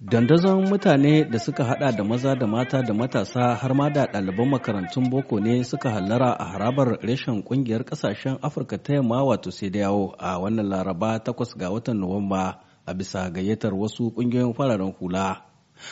Dandazon mutane da suka hada da maza da mata da matasa har ma da ɗaliban makarantun boko ne suka hallara a harabar reshen ƙungiyar ƙasashen Afirka ta yamma wato sai da yawo a wannan Laraba takwas ga watan Nuwamba a bisa gayyatar wasu ƙungiyoyin fararen hula.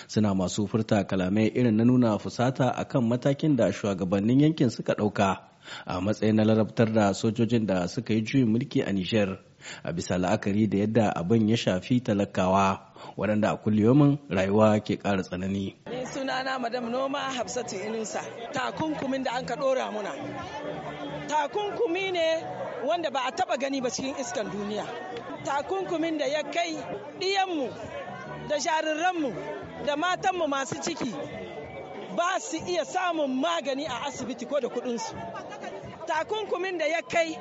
suna masu furta kalamai irin na nuna fusata akan matakin da shugabannin yankin suka ɗauka a matsayin na larabtar da sojojin da suka yi juyin mulki a Nijar a bisa la'akari da yadda abin ya shafi talakawa waɗanda a kulliyomin rayuwa ke ƙara tsanani. Ni sunana madam noma Hafsatu Inusa takunkumin da an ka ɗora muna. Takunkumi ne wanda ba a taɓa gani ba cikin iskan duniya. Takunkumin da ya kai ɗiyanmu da jarirranmu da matanmu masu ciki ba su iya samun magani a asibiti ko da kuɗinsu. takunkumin da ya kai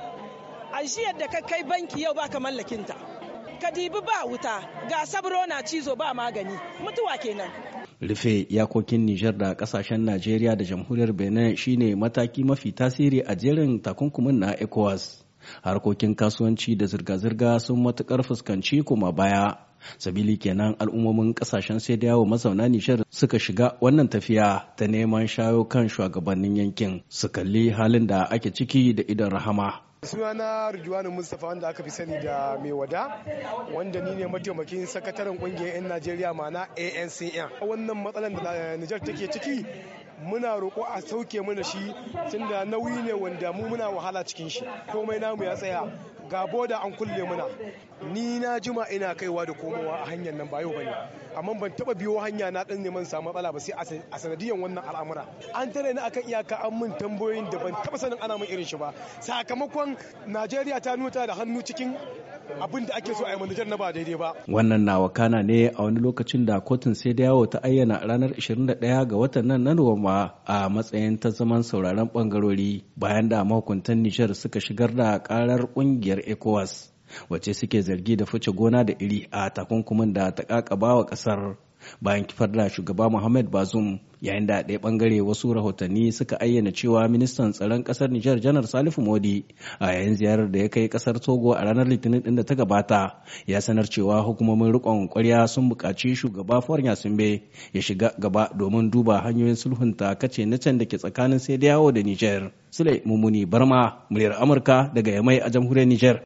ajiyar da ka kai banki yau baka mallakinta ka dibi ba wuta ga sabro na cizo ba magani mutuwa kenan rufe yakokin Nijar da kasashen Najeriya da jamhuriyar Benin shine mataki mafi tasiri a jerin takunkumin na ECOWAS. Harkokin kasuwanci da zirga-zirga sun matukar fuskanci kuma baya sabili kenan al'ummomin kasashen sai da yawo mazauna nishar suka shiga wannan tafiya ta neman shayo kan shugabannin yankin su kalli halin da ake ciki da idan rahama sunana na Mustapha wanda aka fi sani da mai wada wanda ni ne mataimakin sakataren kungiyar 'yan Najeriya mana ANCN. Wannan matsalar da Nijar take ciki muna roƙo a sauke mana shi tunda nauyi ne wanda mu muna wahala cikin shi komai namu ya tsaya ga boda an kulle muna ni na jima ina kaiwa da komowa a hanyar nan ba yau bane amma ban taba biyo hanya na dan neman samu matsala ba sai a sanadiyan wannan al'amura an tare ni akan iyaka an mun tambayoyin da ban taba sanin ana mun irin shi ba sakamakon Najeriya ta nuta da hannu cikin abin da ake so a yi manajan na ba daidai ba wannan na wakana ne a wani lokacin da kotun sai da yawo ta ayyana ranar 21 ga watan nan na Nuwamba a matsayin ta zaman sauraron bangarori bayan da mahukuntan Nijar suka shigar da karar kungiyar ƙungiyar ECOWAS wace suke zargi da fice gona da iri a takunkumin da ta kakaba wa ƙasar bayan kifar da shugaba Muhammad Bazoum yayin da ɗaya ɓangare wasu rahotanni suka ayyana cewa ministan tsaron ƙasar Nijar janar Salifu Modi a yayin ziyarar da ya kai ƙasar Togo a ranar Litinin ɗin da ta gabata ya sanar cewa hukumomin riƙon ƙwarya sun buƙaci shugaba Fornya Simbe ya shiga gaba domin duba hanyoyin sulhunta kace na can da ke tsakanin sai da yawo da Nijar. Sule Mumuni Barma, muryar Amurka daga Yamai a jamhuriyar Nijar.